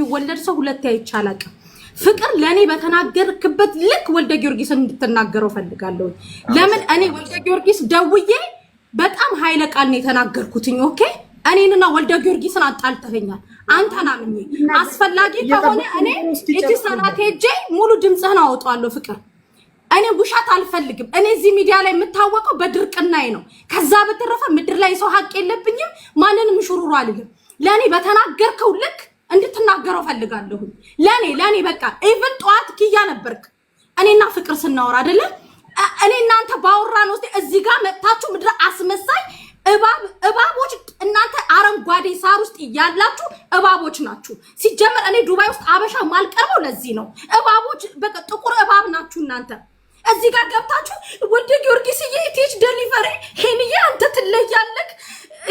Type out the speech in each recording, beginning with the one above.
የሚወለድ ሰው ሁለት አይቼ አላውቅም። ፍቅር ለእኔ በተናገርክበት ልክ ወልደ ጊዮርጊስን እንድትናገረው ፈልጋለሁ። ለምን እኔ ወልደ ጊዮርጊስ ደውዬ በጣም ኃይለ ቃል ነው የተናገርኩትኝ። ኦኬ እኔንና ወልደ ጊዮርጊስን አጣልተኸኛል። አንተ ናምኝ አስፈላጊ ከሆነ እኔ እጅ ሄጄ ሙሉ ድምፅህን አወጣዋለሁ። ፍቅር እኔ ውሸት አልፈልግም። እኔ እዚህ ሚዲያ ላይ የምታወቀው በድርቅናዬ ነው። ከዛ በተረፈ ምድር ላይ ሰው ሀቅ የለብኝም። ማንንም ሹሩሩ አልልም። ለእኔ በተናገርከው ልክ እንድትናገረው ፈልጋለሁ። ለኔ ለኔ በቃ ኢቭን ጠዋት ኪያ ነበርክ እኔና ፍቅር ስናወራ አይደለ እኔ እናንተ ባወራን ውስጥ እዚህ ጋር መጥታችሁ ምድረ አስመሳይ እባቦች እናንተ አረንጓዴ ሳር ውስጥ ያላችሁ እባቦች ናችሁ። ሲጀመር እኔ ዱባይ ውስጥ አበሻ ማልቀርበው ለዚህ ነው። እባቦች በቃ ጥቁር እባብ ናችሁ እናንተ። እዚህ ጋር ገብታችሁ ወደ ጊዮርጊስ እየሄድሽ ዴሊቨሪ ሄንዬ አንተ ትለያለክ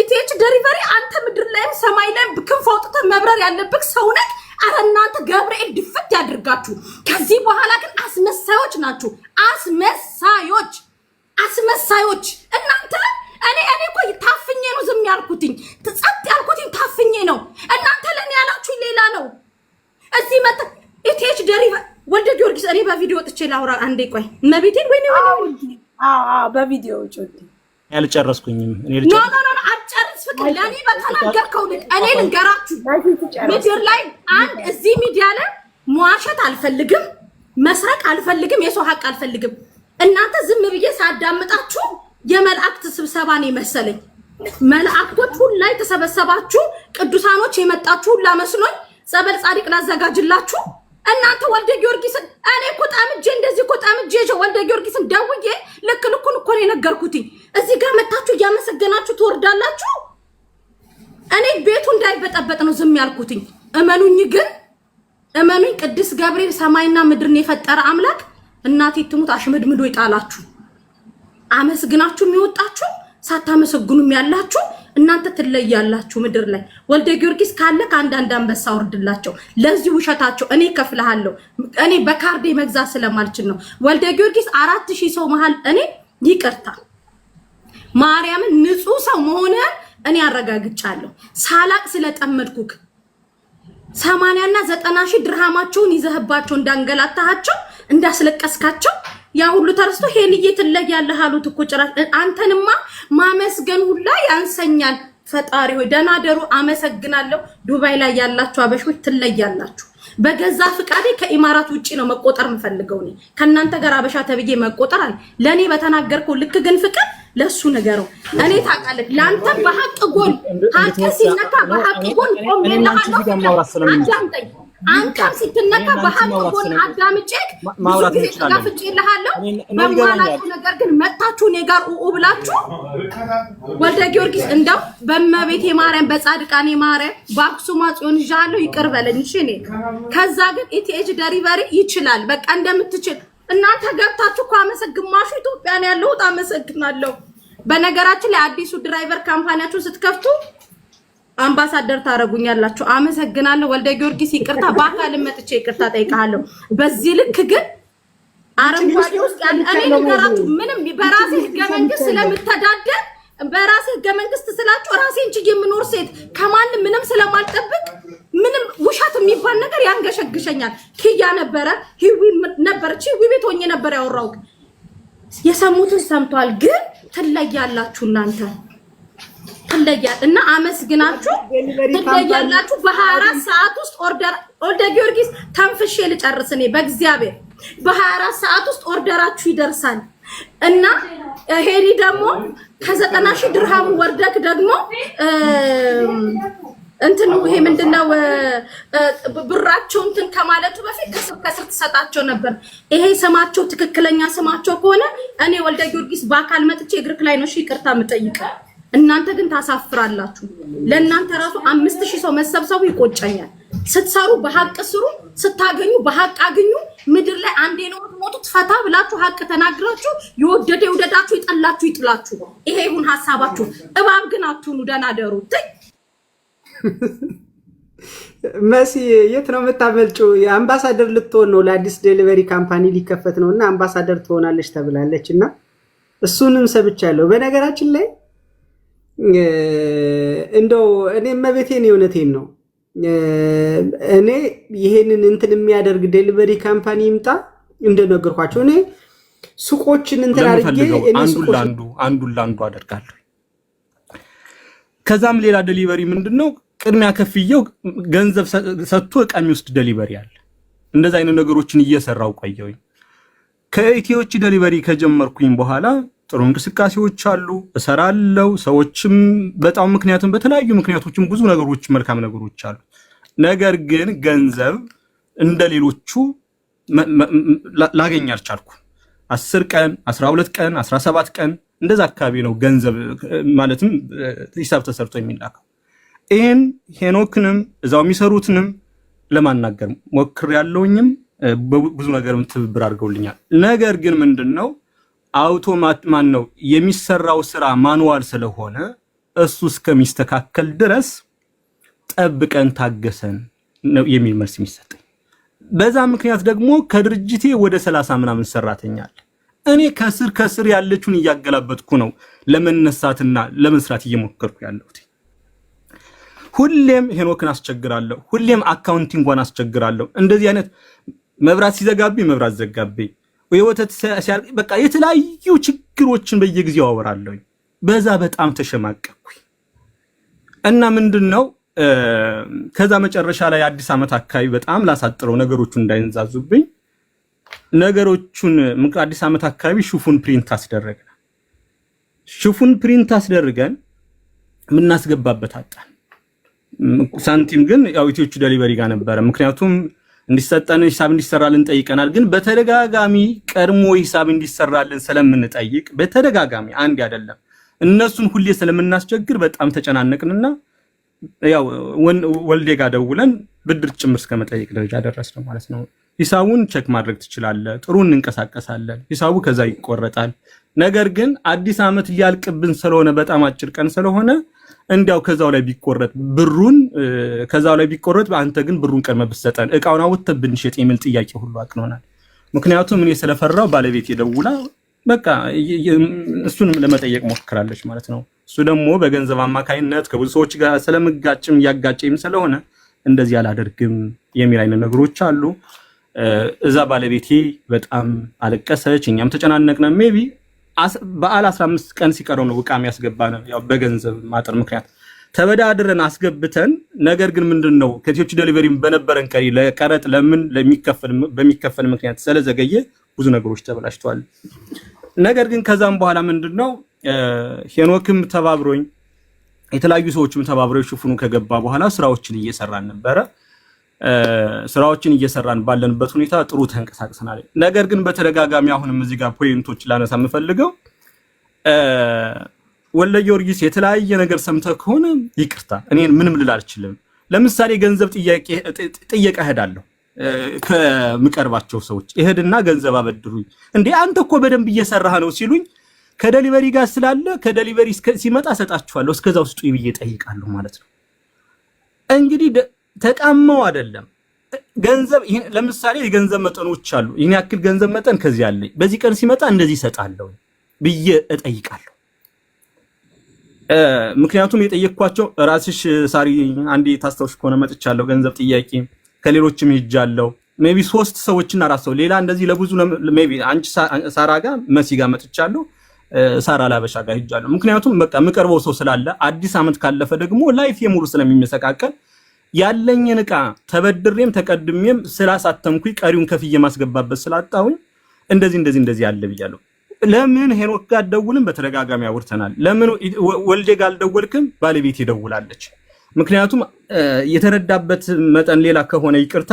ኢቲኤች ደሪቨሪ አንተ ምድር ላይም ሰማይ ላይም ክንፍ አውጥተህ መብረር ያለብህ ሰውነት። አረ እናንተ ገብርኤል ድፍት ያድርጋችሁ። ከዚህ በኋላ ግን አስመሳዮች ናችሁ። አስመሳዮች አስመሳዮች እናንተ እኔ እኔ እኮ ታፍኜ ነው ዝም ያልኩትኝ፣ ጸጥ ያልኩትኝ ታፍኜ ነው። እናንተ ለእኔ ያላችሁ ሌላ ነው። እዚህ መ ኢቲኤች ደሪቨሪ ወልደ ጊዮርጊስ እኔ በቪዲዮ ወጥቼ ላውራ አንዴ ቆይ፣ መቤቴን ወይ ነው በቪዲዮ ወጥቼ ያልጨረስኩኝም እኔ ልጨርስ ለእኔ በተናገርከው እኔ ልንገራችሁ፣ ምድር ላይ አንድ እዚህ ሚዲያ ላይ መዋሸት አልፈልግም፣ መስረቅ አልፈልግም፣ የሰው ሀቅ አልፈልግም። እናንተ ዝም ብዬ ሳዳምጣችሁ የመላእክት ስብሰባ ነው የመሰለኝ። መላእክቶች ሁላ የተሰበሰባችሁ ቅዱሳኖች የመጣችሁ ሁላ መስሎኝ ጸበል ጻድቅ ላዘጋጅላችሁ እናንተ ወልደ ጊዮርጊስን እኔ እኮ ጠምጄ እንደዚህ እኮ ጠምጄ ወልደ ጊዮርጊስን ደውዬ ልክ ልኩን እኮ ነው የነገርኩትኝ። እዚህ ጋር መታችሁ እያመሰገናችሁ ትወርዳላችሁ። እኔ ቤቱ እንዳይበጠበጥ ነው ዝም ያልኩትኝ። እመኑኝ ግን እመኑኝ፣ ቅዱስ ገብርኤል ሰማይና ምድርን የፈጠረ አምላክ እናቴ ትሙት አሽመድምዶ ይጣላችሁ። አመስግናችሁ የሚወጣችሁ ሳታመሰግኑም ያላችሁ እናንተ ትለያላችሁ። ምድር ላይ ወልደ ጊዮርጊስ ካለ ከአንዳንድ አንበሳ አውርድላቸው። ለዚህ ውሸታቸው እኔ ከፍልሃለሁ። እኔ በካርዴ መግዛት ስለማልችል ነው። ወልደ ጊዮርጊስ አራት ሺህ ሰው መሃል እኔ ይቅርታ ማርያምን ንጹህ ሰው መሆንህን እኔ አረጋግጫለሁ። ሳላቅ ስለጠመድኩክ ሰማንያና ዘጠና ሺህ ድርሃማቸውን ይዘህባቸው እንዳንገላታሃቸው እንዳስለቀስካቸው ያ ሁሉ ተረስቶ ሄንዬ ትለያለህ አሉት እኮ ጭራሽ። አንተንማ ማመስገን ሁላ ያንሰኛል። ፈጣሪ ሆይ ደናደሩ አመሰግናለሁ። ዱባይ ላይ ያላችሁ አበሾች ትለያላችሁ። በገዛ ፍቃዴ ከኢማራት ውጪ ነው መቆጠር የምፈልገው እኔ ከእናንተ ጋር አበሻ ተብዬ መቆጠር አለ ለእኔ በተናገርከው ልክ ግን ፍቅር ለሱ ነገረው። እኔ ታውቃለህ፣ ለአንተ በሀቅ ጎን ሀቅ ሲነካ በሀቅ ጎን ቆሜልሃለሁ። አዳምጠኝ። አንተም ስትነካ በሀቅ ጎን አዳምጬ ብዙ ጊዜ ተጋፍጬልሃለሁ። በማላውቀው ነገር ግን መታችሁ እኔ ጋር ኡኡ ብላችሁ ወልደ ጊዮርጊስ እንደው በእመቤቴ ማርያም በጻድቃኔ ማርያም በአክሱም ጽዮን ይዣለሁ። ይቅር በለኝ እሺ። እኔ ከዛ ግን ኢቲኤች ደሪቨሪ ይችላል በቃ እንደምትችል እናንተ ገብታችሁ እኮ አመሰግማሹ ግማሹ ኢትዮጵያ ነው ያለሁት። አመሰግናለሁ። በነገራችን ላይ አዲሱ ድራይቨር ካምፓኒያችሁ ስትከፍቱ አምባሳደር ታደርጉኛላችሁ። አመሰግናለሁ። ወልደ ጊዮርጊስ ይቅርታ፣ በአካል መጥቼ ይቅርታ ጠይቃለሁ። በዚህ ልክ ግን አረንጓዴ ውስጥ እኔ ነገራችሁ ምንም በራሴ ህገ መንግስት ስለምተዳደር በራሴ ህገ መንግስት ስላችሁ ራሴን ችዬ የምኖር ሴት ከማንም ምንም ስለማልጠብቅ ምንም ውሸት የሚባል ነገር ያንገሸግሸኛል። ኪያ ነበረ ሂዊ ነበረች። ሂዊ ቤት ሆኜ ነበር ያወራው። የሰሙትን ሰምቷል። ግን ትለያላችሁ እናንተ ትለያል እና አመስግናችሁ ትለያላችሁ። በሀያ አራት ሰዓት ውስጥ ኦርደር ወልደ ጊዮርጊስ ተንፍሼ ልጨርስ እኔ በእግዚአብሔር በሀያ አራት ሰዓት ውስጥ ኦርደራችሁ ይደርሳል እና ሄሪ ደግሞ ከዘጠና ሺህ ድርሃሙ ወርደክ ደግሞ እንትን ይሄ ምንድነው ብራቸው እንትን ከማለቱ በፊት ከስር ከስር ትሰጣቸው ነበር። ይሄ ስማቸው ትክክለኛ ስማቸው ከሆነ እኔ ወልደ ጊዮርጊስ በአካል መጥቼ እግርክ ላይ ነው ይቅርታ የምጠይቀው። እናንተ ግን ታሳፍራላችሁ። ለእናንተ ራሱ አምስት ሺህ ሰው መሰብሰቡ ይቆጨኛል። ስትሰሩ በሀቅ ስሩ፣ ስታገኙ በሀቅ አግኙ። ምድር ላይ አንዴ ነው የምትሞቱት። ፈታ ብላችሁ ሀቅ ተናግራችሁ የወደደ የውደዳችሁ የጠላችሁ ይጥላችሁ። ይሄ ይሁን ሀሳባችሁ። እባብ ግን አትሁኑ። ደህና ደሩ። መሲ የት ነው የምታመልጭው? የአምባሳደር ልትሆን ነው ለአዲስ ዴሊቨሪ ካምፓኒ ሊከፈት ነው እና አምባሳደር ትሆናለች ተብላለች እና እሱንም ሰምቻለሁ። በነገራችን ላይ እንደው እኔ መቤቴን የእውነቴን ነው እኔ ይሄንን እንትን የሚያደርግ ዴሊቨሪ ካምፓኒ ይምጣ እንደነገርኳቸው እኔ ሱቆችን እንትን አድርጌ አንዱን ለአንዱ አደርጋለሁ። ከዛም ሌላ ዴሊቨሪ ምንድን ነው ቅድሚያ ከፍየው ገንዘብ ሰጥቶ እቃ የሚወስድ ደሊቨሪ አለ። እንደዚ አይነት ነገሮችን እየሰራው ቆየውኝ። ከኢትዮች ደሊቨሪ ከጀመርኩኝ በኋላ ጥሩ እንቅስቃሴዎች አሉ፣ እሰራለው። ሰዎችም በጣም ምክንያቱም በተለያዩ ምክንያቶችም ብዙ ነገሮች መልካም ነገሮች አሉ። ነገር ግን ገንዘብ እንደ ሌሎቹ ላገኝ አልቻልኩ። አስር ቀን አስራ ሁለት ቀን አስራ ሰባት ቀን እንደዛ አካባቢ ነው ገንዘብ ማለትም ሂሳብ ተሰርቶ የሚላከው ይህን ሄኖክንም እዛው የሚሰሩትንም ለማናገር ሞክር ያለውኝም ብዙ ነገርም ትብብር አድርገውልኛል። ነገር ግን ምንድን ነው አውቶማት ማን ነው የሚሰራው ስራ ማኑዋል ስለሆነ እሱ እስከሚስተካከል ድረስ ጠብቀን ታገሰን ነው የሚል መልስ የሚሰጠኝ። በዛ ምክንያት ደግሞ ከድርጅቴ ወደ ሰላሳ ምናምን ሰራተኛል እኔ ከስር ከስር ያለችውን እያገላበጥኩ ነው ለመነሳትና ለመስራት እየሞከርኩ ያለሁት። ሁሌም ሄኖክን አስቸግራለሁ፣ ሁሌም አካውንቲንጓን አስቸግራለሁ። እንደዚህ አይነት መብራት ሲዘጋብኝ መብራት ዘጋብኝ፣ የወተት ሲያልቅ በቃ የተለያዩ ችግሮችን በየጊዜው አወራለሁ። በዛ በጣም ተሸማቀቅኩኝ እና ምንድን ነው ከዛ መጨረሻ ላይ አዲስ ዓመት አካባቢ በጣም ላሳጥረው ነገሮቹ እንዳይንዛዙብኝ ነገሮቹን አዲስ ዓመት አካባቢ ሹፉን ፕሪንት አስደረግን። ሹፉን ፕሪንት አስደርገን የምናስገባበት አጣን። ሳንቲም ግን ያው ኢትዮቹ ደሊቨሪ ጋር ነበረ። ምክንያቱም እንዲሰጠን ሂሳብ እንዲሰራልን ጠይቀናል። ግን በተደጋጋሚ ቀድሞ ሂሳብ እንዲሰራልን ስለምንጠይቅ በተደጋጋሚ አንድ አይደለም እነሱን ሁሌ ስለምናስቸግር በጣም ተጨናነቅንና ያው ወልዴ ጋር ደውለን ብድር ጭምር እስከ መጠይቅ ደረጃ ደረስን ማለት ነው። ሂሳቡን ቸክ ማድረግ ትችላለህ፣ ጥሩ እንንቀሳቀሳለን፣ ሂሳቡ ከዛ ይቆረጣል። ነገር ግን አዲስ ዓመት ሊያልቅብን ስለሆነ በጣም አጭር ቀን ስለሆነ እንዲያው ከዛው ላይ ቢቆረጥ ብሩን ከዛው ላይ ቢቆረጥ፣ አንተ ግን ብሩን ቀድመ ብትሰጠን እቃውን አውጥተህ ብንሸጥ የሚል ጥያቄ ሁሉ አቅኖናል። ምክንያቱም እኔ ስለፈራው ባለቤት የደውላ በቃ እሱንም ለመጠየቅ ሞክራለች ማለት ነው። እሱ ደግሞ በገንዘብ አማካይነት ከብዙ ሰዎች ጋር ስለምጋጭም እያጋጨም ስለሆነ እንደዚህ አላደርግም የሚል አይነት ነገሮች አሉ። እዛ ባለቤቴ በጣም አለቀሰች፣ እኛም ተጨናነቅነ ሜቢ በዓል 15 ቀን ሲቀረው ነው ውቃም ያስገባ ነው ያው በገንዘብ ማጠር ምክንያት ተበዳድረን አስገብተን ነገር ግን ምንድን ነው ከቴዎቹ ደሊቨሪ በነበረን ቀሪ ለቀረጥ ለምን በሚከፈል ምክንያት ስለዘገየ ብዙ ነገሮች ተበላሽተዋል። ነገር ግን ከዛም በኋላ ምንድን ነው ሄኖክም ተባብሮኝ የተለያዩ ሰዎችም ተባብረው ሽፍኑ ከገባ በኋላ ስራዎችን እየሰራን ነበረ። ስራዎችን እየሰራን ባለንበት ሁኔታ ጥሩ ተንቀሳቅሰናል። ነገር ግን በተደጋጋሚ አሁንም እዚህ ጋር ፖይንቶች ላነሳ የምፈልገው ወለ ጊዮርጊስ የተለያየ ነገር ሰምተህ ከሆነ ይቅርታ፣ እኔን ምንም ልል አልችልም። ለምሳሌ ገንዘብ ጥየቃ እሄዳለሁ ከምቀርባቸው ሰዎች እሄድና ገንዘብ አበድሩኝ፣ እንዴ አንተ እኮ በደንብ እየሰራህ ነው ሲሉኝ ከደሊቨሪ ጋር ስላለ ከደሊቨሪ ሲመጣ እሰጣችኋለሁ እስከዛ ውስጡ ብዬ ጠይቃለሁ ማለት ነው እንግዲህ ተቃመው አይደለም ገንዘብ ለምሳሌ የገንዘብ መጠኖች አሉ። ይህን ያክል ገንዘብ መጠን ከዚህ አለ፣ በዚህ ቀን ሲመጣ እንደዚህ እሰጣለሁ ብዬ እጠይቃለሁ። ምክንያቱም የጠየቅኳቸው ራስሽ ሳሪ አንዴ ታስታውሽ ከሆነ መጥቻለሁ፣ ገንዘብ ጥያቄ ከሌሎችም ይጃለሁ። ሜይ ቢ ሶስት ሰዎችና አራት ሰው ሌላ እንደዚህ ለብዙ ሜይ ቢ አንቺ ሳራ ጋር መሲ ጋር መጥቻለሁ፣ ሳራ ላበሻ ጋር ይጃለሁ። ምክንያቱም በቃ የምቀርበው ሰው ስላለ አዲስ አመት ካለፈ ደግሞ ላይፍ የሙሉ ስለሚመሰቃቀል ያለኝን እቃ ተበድሬም ተቀድሜም ስላሳተምኩኝ ቀሪውን ከፍዬ ማስገባበት ስላጣሁኝ እንደዚህ እንደዚህ እንደዚህ አለ ብያለሁ። ለምን ሄኖክ ጋር አልደውልም? በተደጋጋሚ አውርተናል። ለምን ወልዴ ጋር አልደወልክም? ባለቤት ደውላለች። ምክንያቱም የተረዳበት መጠን ሌላ ከሆነ ይቅርታ፣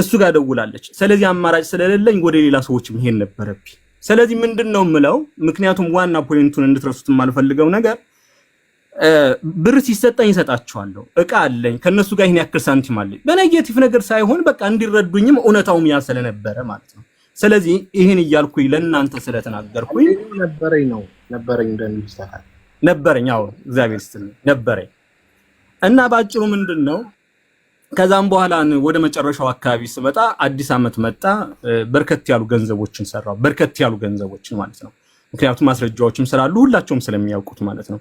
እሱ ጋር ደውላለች። ስለዚህ አማራጭ ስለሌለኝ ወደ ሌላ ሰዎች መሄድ ነበረብኝ። ስለዚህ ምንድን ነው ምለው፣ ምክንያቱም ዋና ፖይንቱን እንድትረሱት የማልፈልገው ነገር ብር ሲሰጠኝ ይሰጣችኋለሁ፣ እቃ አለኝ፣ ከእነሱ ጋር ይህን ያክል ሳንቲም አለኝ። በነጌቲቭ ነገር ሳይሆን በቃ እንዲረዱኝም እውነታውም ያ ስለነበረ ማለት ነው። ስለዚህ ይህን እያልኩኝ ለእናንተ ስለተናገርኩኝ ነበረኝ ነው ነበረኝ ነበረኝ። አዎ እግዚአብሔር ይስጥልኝ ነበረኝ እና በአጭሩ ምንድን ነው ከዛም በኋላ ወደ መጨረሻው አካባቢ ስመጣ አዲስ ዓመት መጣ። በርከት ያሉ ገንዘቦችን ሰራው፣ በርከት ያሉ ገንዘቦችን ማለት ነው። ምክንያቱም ማስረጃዎችም ስላሉ ሁላቸውም ስለሚያውቁት ማለት ነው።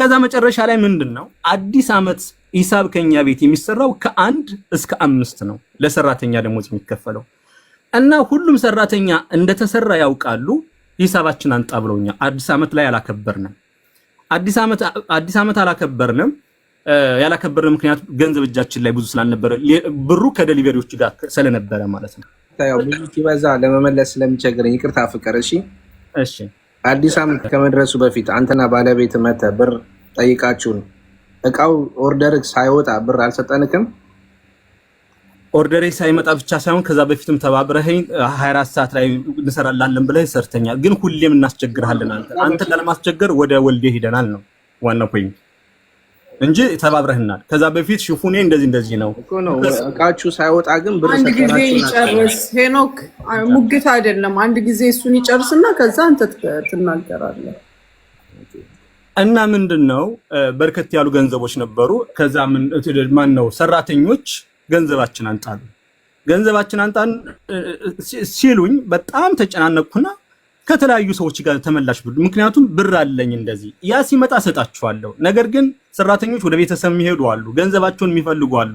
ከዛ መጨረሻ ላይ ምንድን ነው አዲስ ዓመት ሂሳብ ከኛ ቤት የሚሰራው ከአንድ እስከ አምስት ነው ለሰራተኛ ደሞዝ የሚከፈለው እና ሁሉም ሰራተኛ እንደተሰራ ያውቃሉ። ሂሳባችን አንጣ ብለውኛ አዲስ ዓመት ላይ አላከበርንም። አዲስ ዓመት አላከበርንም። ያላከበርን ምክንያት ገንዘብ እጃችን ላይ ብዙ ስላልነበረ ብሩ ከደሊቨሪዎች ጋር ስለነበረ ማለት ነው። ብዙ ሲበዛ ለመመለስ ስለሚቸግረኝ ይቅርታ ፍቅር። እሺ እሺ አዲስ ዓመት ከመድረሱ በፊት አንተና ባለቤት መተ ብር ጠይቃችሁን እቃው ኦርደር ሳይወጣ ብር አልሰጠንክም? ኦርደሬ ሳይመጣ ብቻ ሳይሆን ከዛ በፊትም ተባብረኸኝ 24 ሰዓት ላይ እንሰራላለን ብለህ ሰርተኛል። ግን ሁሌም እናስቸግርሃለን። አንተ ለማስቸገር ወደ ወልዴ ሄደናል ነው ዋና ፖይንት እንጂ ተባብረህናል። ከዛ በፊት ሽፉኔ እንደዚህ እንደዚህ ነው እቃችሁ ሳይወጣ ግን ብር አንድ ጊዜ ይጨርስ። ሄኖክ ሙግት አይደለም። አንድ ጊዜ እሱን ይጨርስና ከዛ አንተ ትናገራለህ። እና ምንድን ነው በርከት ያሉ ገንዘቦች ነበሩ። ከዛ ማን ነው ሰራተኞች ገንዘባችን አንጣሉ፣ ገንዘባችን አንጣን ሲሉኝ በጣም ተጨናነቅኩና ከተለያዩ ሰዎች ጋር ተመላሽ ብሉ። ምክንያቱም ብር አለኝ እንደዚህ ያ ሲመጣ እሰጣችኋለሁ። ነገር ግን ሰራተኞች ወደ ቤተሰብ የሚሄዱ አሉ፣ ገንዘባቸውን የሚፈልጉ አሉ።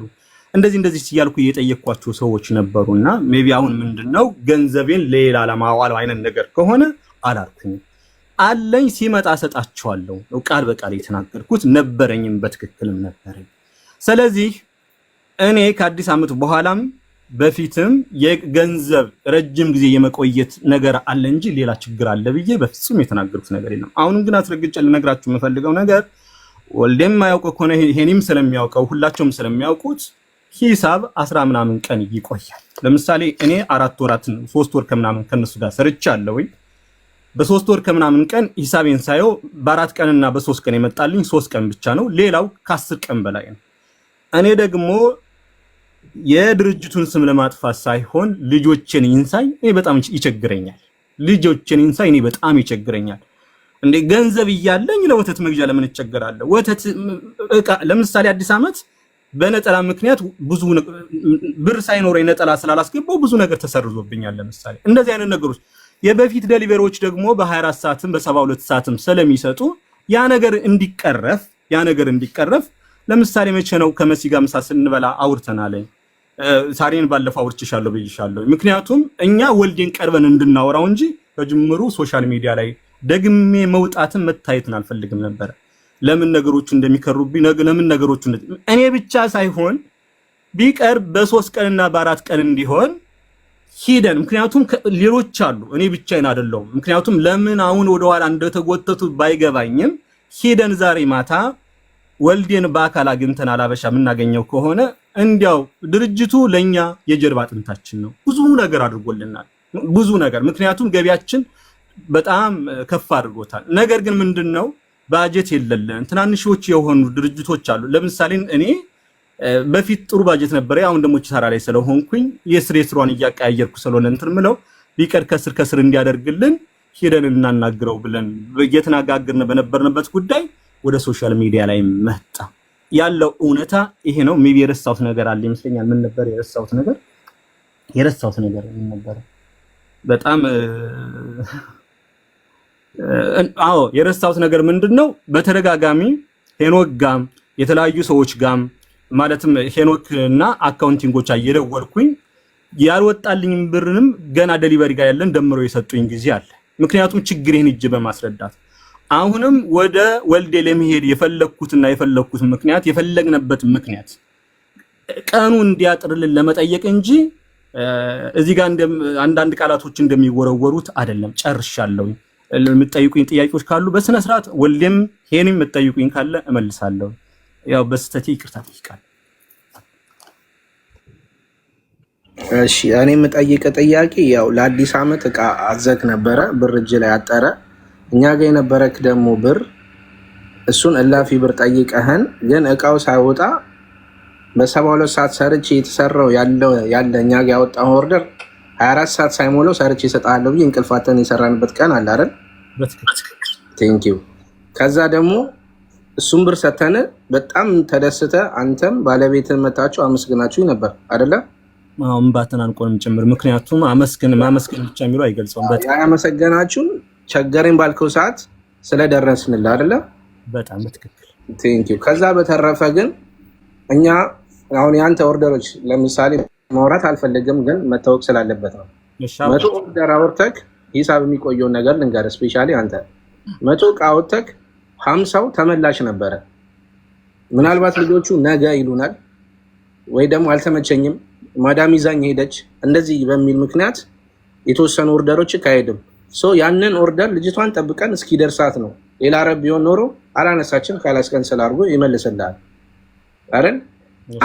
እንደዚህ እንደዚህ እያልኩ እየጠየቅኳቸው ሰዎች ነበሩ እና ሜቢ አሁን ምንድን ነው ገንዘቤን ለሌላ ለማዋል አይነት ነገር ከሆነ አላልኩኝ። አለኝ ሲመጣ እሰጣችኋለሁ ቃል በቃል የተናገርኩት። ነበረኝም በትክክልም ነበረኝ። ስለዚህ እኔ ከአዲስ ዓመት በኋላም በፊትም የገንዘብ ረጅም ጊዜ የመቆየት ነገር አለ እንጂ ሌላ ችግር አለ ብዬ በፍጹም የተናገርኩት ነገር የለም። አሁንም ግን አስረግጬ ልነግራችሁ የምፈልገው ነገር ወልዴ የማያውቀው ከሆነ ሄኒም ስለሚያውቀው ሁላቸውም ስለሚያውቁት ሂሳብ አስራ ምናምን ቀን ይቆያል። ለምሳሌ እኔ አራት ወራትን ሶስት ወር ከምናምን ከነሱ ጋር ሰርቻለሁኝ። በሶስት ወር ከምናምን ቀን ሂሳቤን ሳየው በአራት ቀንና በሶስት ቀን የመጣልኝ ሶስት ቀን ብቻ ነው። ሌላው ከአስር ቀን በላይ ነው። እኔ ደግሞ የድርጅቱን ስም ለማጥፋት ሳይሆን ልጆችን ይንሳይ እኔ በጣም ይቸግረኛል። ልጆችን ይንሳይ እኔ በጣም ይቸግረኛል። እንደ ገንዘብ እያለኝ ለወተት መግዣ ለምን እቸገራለሁ? ወተት እቃ ለምሳሌ አዲስ ዓመት በነጠላ ምክንያት ብዙ ብር ሳይኖረኝ ነጠላ ስላላስገባው ብዙ ነገር ተሰርዞብኛል። ለምሳሌ እንደዚህ አይነት ነገሮች የበፊት ደሊቨሪዎች ደግሞ በ24 ሰዓትም በ72 ሰዓትም ስለሚሰጡ ያ ነገር እንዲቀረፍ ያ ነገር እንዲቀረፍ ለምሳሌ መቼ ነው ከመሲ ጋር ምሳ ስንበላ አውርተናለኝ ሳሬን ባለፈው አውርቼሻለሁ ብዬሻለሁ። ምክንያቱም እኛ ወልዴን ቀርበን እንድናወራው እንጂ ከጅምሩ ሶሻል ሚዲያ ላይ ደግሜ መውጣትን መታየትን አልፈልግም ነበረ። ለምን ነገሮቹ እንደሚከሩብኝ ለምን ነገሮቹ እኔ ብቻ ሳይሆን ቢቀር በሶስት ቀንና በአራት ቀን እንዲሆን ሂደን ምክንያቱም ሌሎች አሉ፣ እኔ ብቻዬን አይደለሁም። ምክንያቱም ለምን አሁን ወደኋላ እንደተጎተቱ ባይገባኝም ሂደን ዛሬ ማታ ወልዴን በአካል አግኝተን አላበሻ የምናገኘው ከሆነ እንዲያው ድርጅቱ ለእኛ የጀርባ አጥንታችን ነው። ብዙ ነገር አድርጎልናል። ብዙ ነገር ምክንያቱም ገቢያችን በጣም ከፍ አድርጎታል። ነገር ግን ምንድን ነው ባጀት የለለን። ትናንሾች የሆኑ ድርጅቶች አሉ። ለምሳሌ እኔ በፊት ጥሩ ባጀት ነበረ። አሁን ደግሞ ኪሳራ ላይ ስለሆንኩኝ የስሬ እያቀያየርኩ ስለሆነ እንትን ምለው ቢቀር ከስር ከስር እንዲያደርግልን ሂደን እናናግረው ብለን እየተነጋገርን በነበርንበት ጉዳይ ወደ ሶሻል ሚዲያ ላይ መጣ። ያለው እውነታ ይሄ ነው። ሜቢ የረሳሁት ነገር አለ ይመስለኛል። ምን ነበር የረሳሁት ነገር? የረሳሁት ነገር ምን ነበር? በጣም አዎ፣ የረሳሁት ነገር ምንድን ነው? በተደጋጋሚ ሄኖክ ጋም የተለያዩ ሰዎች ጋም ማለትም ሄኖክ እና አካውንቲንጎች እየደወልኩኝ ያልወጣልኝ ብርንም ገና ደሊቨሪ ጋር ያለን ደምሮ የሰጡኝ ጊዜ አለ። ምክንያቱም ችግሬን እጅ በማስረዳት አሁንም ወደ ወልዴ ለመሄድ የፈለግኩትና የፈለግኩት ምክንያት የፈለግነበት ምክንያት ቀኑ እንዲያጥርልን ለመጠየቅ እንጂ እዚህ ጋር አንዳንድ ቃላቶች እንደሚወረወሩት አይደለም። ጨርሻለሁ። የምጠይቁኝ ጥያቄዎች ካሉ በስነ ስርዓት ወልዴም ሄንም የምጠይቁኝ ካለ እመልሳለሁ። ያው በስተቴ ይቅርታ ጠይቃለሁ። እሺ እኔ የምጠይቀ ጥያቄ ያው ለአዲስ ዓመት እቃ አዘግ ነበረ ብር እጅ ላይ አጠረ እኛ ጋ የነበረክ ደግሞ ብር እሱን እላፊ ብር ጠይቀህን ግን እቃው ሳይወጣ በሰባ ሁለት ሰዓት ሰርች የተሰራው ያለ እኛ ጋ ያወጣው ኦርደር 24 ሰዓት ሳይሞላው ሰርች እሰጥሃለሁ ብዬ እንቅልፋተን የሰራንበት ቀን አለ አይደል? ቴንኪው። ከዛ ደግሞ እሱም ብር ሰተን በጣም ተደስተ አንተም ባለቤትን መታችሁ አመስግናችሁ ነበር አደለ? እንባትን አንቆንም ጭምር ምክንያቱም አመስግን ማመስግን ብቻ የሚሉ አይገልጸውም። ያመሰገናችሁን ቸገረኝ ባልከው ሰዓት ስለደረስንል አደለ? በጣም በትክክል ከዛ በተረፈ ግን እኛ አሁን የአንተ ኦርደሮች ለምሳሌ ማውራት አልፈልግም፣ ግን መታወቅ ስላለበት ነው። መቶ ኦርደር አውርተክ ሂሳብ የሚቆየውን ነገር ልንገር። ስፔሻሊ አንተ መቶ እቃ አውርተክ ሀምሳው ተመላሽ ነበረ። ምናልባት ልጆቹ ነገ ይሉናል ወይ ደግሞ አልተመቸኝም ማዳም ይዛኝ ሄደች፣ እንደዚህ በሚል ምክንያት የተወሰኑ ኦርደሮች አይሄድም። ያንን ኦርደር ልጅቷን ጠብቀን እስኪደርሳት ነው። ሌላ ረብ ቢሆን ኖሮ አላነሳችም። ካላስቀን ስላርጎ ይመልስልሃል አረን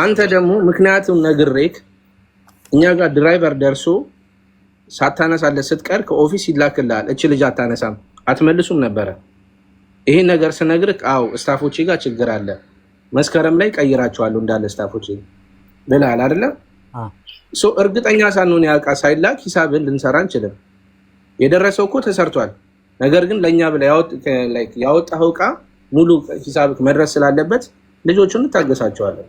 አንተ ደግሞ ምክንያቱም ነግሬክ እኛ ጋር ድራይቨር ደርሶ ሳታነሳለት ስትቀር ከኦፊስ ይላክልሃል። እች ልጅ አታነሳም አትመልሱም ነበረ። ይህን ነገር ስነግርህ አው እስታፎቼ ጋር ችግር አለ መስከረም ላይ ቀይራቸዋለሁ እንዳለ ስታፎቼ ብልሃል አይደለም? እርግጠኛ ሳንሆን ያውቃ ሳይላክ ሂሳብን ልንሰራ እንችልም። የደረሰው እኮ ተሰርቷል። ነገር ግን ለእኛ ብለህ ያወጣኸው ዕቃ ሙሉ ሂሳብ መድረስ ስላለበት ልጆቹን እንታገሳቸዋለን።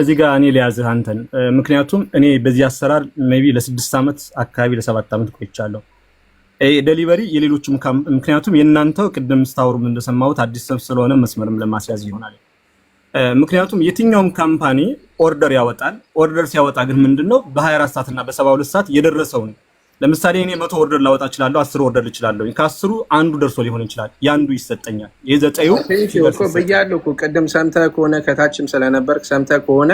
እዚህ ጋር እኔ ሊያዝህ አንተን፣ ምክንያቱም እኔ በዚህ አሰራር ሜይ ቢ ለስድስት ዓመት አካባቢ ለሰባት ዓመት ቆይቻለሁ። ደሊቨሪ የሌሎች ምክንያቱም የእናንተው ቅድም ስታወሩ እንደሰማሁት አዲስ ሰብ ስለሆነ መስመርም ለማስያዝ ይሆናል። ምክንያቱም የትኛውም ካምፓኒ ኦርደር ያወጣል። ኦርደር ሲያወጣ ግን ምንድን ነው በ24 ሰዓት እና በ72 ሰዓት የደረሰውን ለምሳሌ እኔ መቶ ኦርደር ላወጣ እችላለሁ፣ አስር ኦርደር እችላለሁ። ከአስሩ አንዱ ደርሶ ሊሆን ይችላል፣ ያንዱ ይሰጠኛል። የዘጠዩ ብያለሁ ቅድም ሰምተህ ከሆነ ከታችም ስለነበር ሰምተህ ከሆነ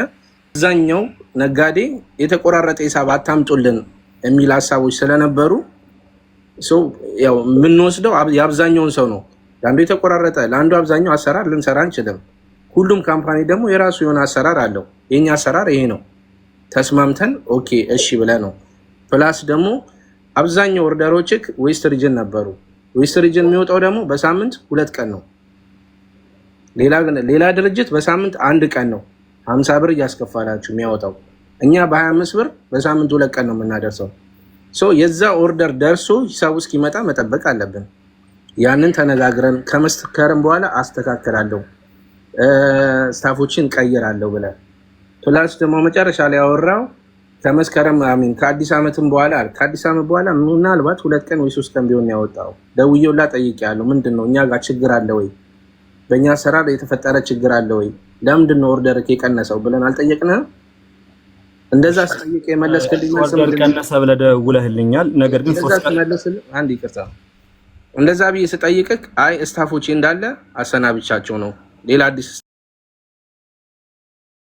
አብዛኛው ነጋዴ የተቆራረጠ ሂሳብ አታምጡልን የሚል ሀሳቦች ስለነበሩ ሰው ያው የምንወስደው የአብዛኛውን ሰው ነው። ለአንዱ የተቆራረጠ ለአንዱ አብዛኛው አሰራር ልንሰራ አንችልም። ሁሉም ካምፓኒ ደግሞ የራሱ የሆነ አሰራር አለው። የኛ አሰራር ይሄ ነው፣ ተስማምተን ኦኬ እሺ ብለ ነው ፕላስ ደግሞ አብዛኛው ኦርደሮችክ ዌስት ሪጅን ነበሩ። ዌስት ሪጅን የሚወጣው ደግሞ በሳምንት ሁለት ቀን ነው። ሌላ ድርጅት በሳምንት አንድ ቀን ነው፣ ሀምሳ ብር እያስከፋላችሁ የሚያወጣው። እኛ በ25 ብር በሳምንት ሁለት ቀን ነው የምናደርሰው። የዛ ኦርደር ደርሶ ሂሳቡ እስኪመጣ መጠበቅ አለብን። ያንን ተነጋግረን ከመስከረም በኋላ አስተካክላለሁ፣ ስታፎችን ቀይራለሁ ብለን ፕላስ ደግሞ መጨረሻ ላይ ያወራው ከመስከረም አሚን ከአዲስ ዓመትም በኋላ ከአዲስ ዓመት በኋላ ምናልባት ሁለት ቀን ወይ ሶስት ቀን ቢሆን ያወጣው ደውዬውላ ጠይቄያለሁ። ምንድን ነው እኛ ጋር ችግር አለ ወይ በእኛ ስራ የተፈጠረ ችግር አለ ወይ ለምንድን ነው ኦርደር የቀነሰው ብለን አልጠየቅንህም? እንደዛ ስጠይቅ የመለስክልኝ ቀነሰ ብለህ ደውለህልኛል። ነገር ግን አንድ ይቅርታ እንደዛ ብዬ ስጠይቅህ አይ እስታፎቼ እንዳለ አሰናብቻቸው ነው ሌላ አዲስ